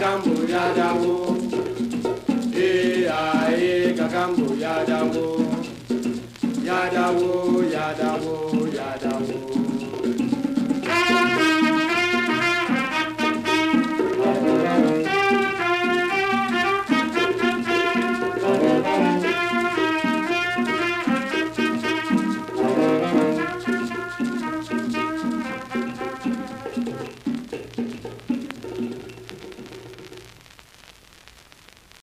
kakambo ya dango e ae kakambo ya dango ya dango ya dango ya dango